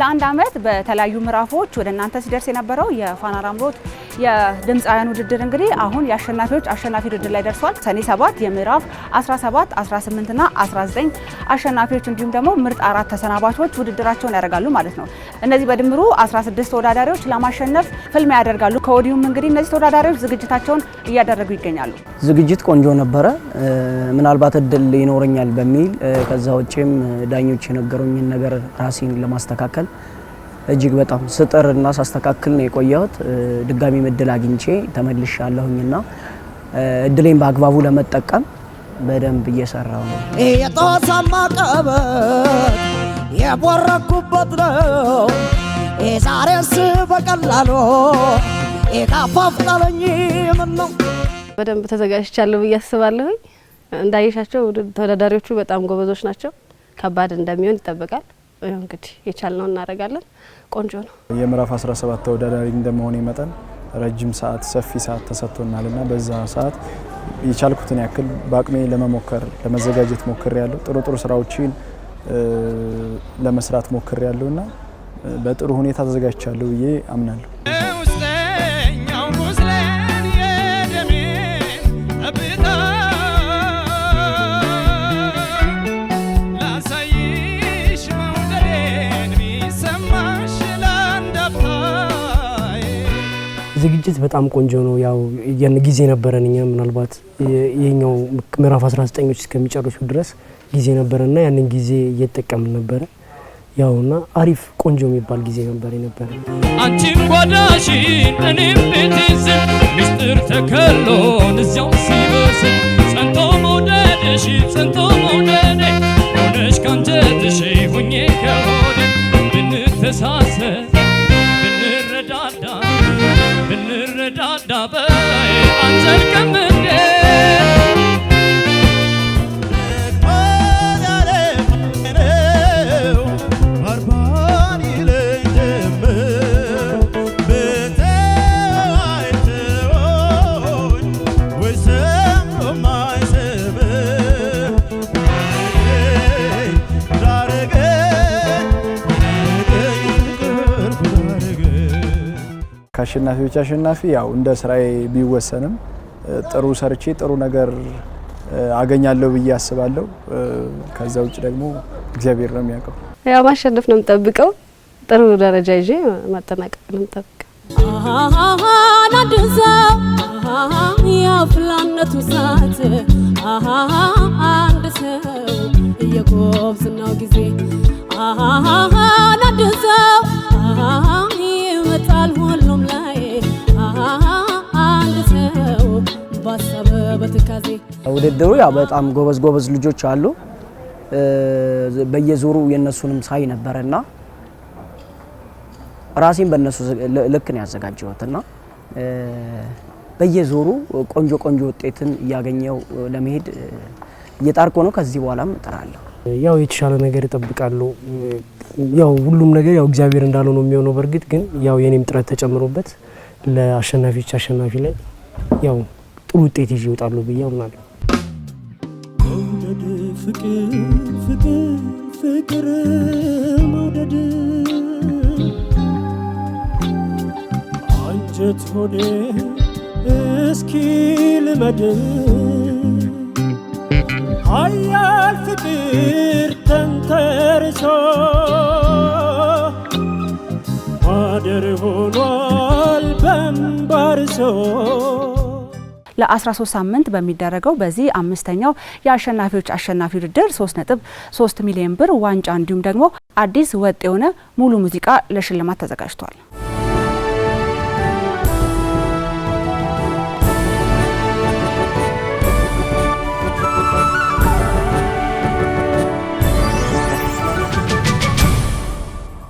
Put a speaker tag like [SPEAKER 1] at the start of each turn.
[SPEAKER 1] ለአንድ ዓመት በተለያዩ ምዕራፎች ወደ እናንተ ሲደርስ የነበረው የፋና ላምሮት የድምፃውያን ውድድር እንግዲህ አሁን የአሸናፊዎች አሸናፊ ውድድር ላይ ደርሷል። ሰኔ 7 የምዕራፍ 17፣ 18 ና 19 አሸናፊዎች እንዲሁም ደግሞ ምርጥ አራት ተሰናባቾች ውድድራቸውን ያደርጋሉ ማለት ነው። እነዚህ በድምሩ 16 ተወዳዳሪዎች ለማሸነፍ ፍልሚያ ያደርጋሉ። ከወዲሁም እንግዲህ እነዚህ ተወዳዳሪዎች ዝግጅታቸውን እያደረጉ ይገኛሉ።
[SPEAKER 2] ዝግጅት ቆንጆ ነበረ። ምናልባት እድል ይኖረኛል በሚል ከዛ ውጭም ዳኞች የነገሩኝን ነገር ራሴን ለማስተካከል እጅግ በጣም ስጥርና ሳስተካክል ነው የቆየሁት። ድጋሚ እድል አግኝቼ ተመልሻለሁኝና እድሌን በአግባቡ ለመጠቀም በደንብ እየሰራው ነው። የጦሰማ ቀበት የቦረኩበት ነው
[SPEAKER 3] ዛሬስ በቀላሉ የካፋፍጣለኝ ምን ነው በደንብ ተዘጋጅቻለሁ ብዬ አስባለሁኝ። እንዳየሻቸው ተወዳዳሪዎቹ በጣም ጎበዞች ናቸው። ከባድ እንደሚሆን ይጠበቃል። እንግዲህ የቻልነው እናደርጋለን። ቆንጆ ነው።
[SPEAKER 4] የምዕራፍ 17 ተወዳዳሪ እንደመሆኔ መጠን ረጅም ሰዓት፣ ሰፊ ሰዓት ተሰጥቶናል እና በዛ ሰዓት የቻልኩትን ያክል በአቅሜ ለመሞከር ለመዘጋጀት ሞክር ያለው ጥሩ ጥሩ ስራዎችን ለመስራት ሞክር ያለው እና በጥሩ ሁኔታ ተዘጋጅቻለሁ ብዬ አምናለሁ።
[SPEAKER 5] ዝግጅት በጣም ቆንጆ ነው። ያው ያን ጊዜ ነበረን እኛ ምናልባት የኛው ምዕራፍ 19ኞች እስከሚጨርሱ ድረስ ጊዜ ነበረና ያንን ጊዜ እየጠቀምን ነበረ። ያውና አሪፍ ቆንጆ የሚባል ጊዜ ነበር የነበረ። አንቺም ጓዳሽን እኔም ቤትዝ ሚስጥር ተከሎን እዚያው ሲበስ ጸንቶ መውደድሽ ጸንቶ double
[SPEAKER 4] ከአሸናፊዎች አሸናፊ ያው እንደ ስራዬ ቢወሰንም ጥሩ ሰርቼ ጥሩ ነገር አገኛለሁ ብዬ አስባለሁ። ከዛ ውጭ ደግሞ እግዚአብሔር ነው የሚያውቀው።
[SPEAKER 3] ያው ማሸነፍ ነው የምጠብቀው። ጥሩ ደረጃ ይዤ ማጠናቀቅ ነው የምጠብቀው። አንድ ሰው የጉብዝናው ጊዜ
[SPEAKER 6] ውድድሩ ያው በጣም ጎበዝ ጎበዝ ልጆች አሉ። በየዞሩ የእነሱንም ሳይ ነበረ እና ራሴን በእነሱ ልክ ነው ያዘጋጀሁት እና በየዞሩ ቆንጆ ቆንጆ ውጤትን እያገኘው ለመሄድ እየጣርኩ ነው። ከዚህ በኋላም እጥራለሁ።
[SPEAKER 7] ያው የተሻለ ነገር ይጠብቃሉ። ያው ሁሉም ነገር ያው እግዚአብሔር እንዳለው ነው የሚሆነው። በእርግጥ ግን ያው የኔም ጥረት ተጨምሮበት ለአሸናፊዎች አሸናፊ ላይ ያው ጥሩ ውጤት ይዤ እወጣለሁ ብዬ አምናለሁ። መውደድ ፍቅር ፍቅር ፍቅር መውደድ አንጀት ሆዴ እስኪ ልመድ
[SPEAKER 1] ኃያል ፍቅር ተንተርሶ ማደር ሆኗል በምባርሶ ለ13 ሳምንት በሚደረገው በዚህ አምስተኛው የአሸናፊዎች አሸናፊ ውድድር 3.3 ሚሊዮን ብር ዋንጫ እንዲሁም ደግሞ አዲስ ወጥ የሆነ ሙሉ ሙዚቃ ለሽልማት ተዘጋጅቷል።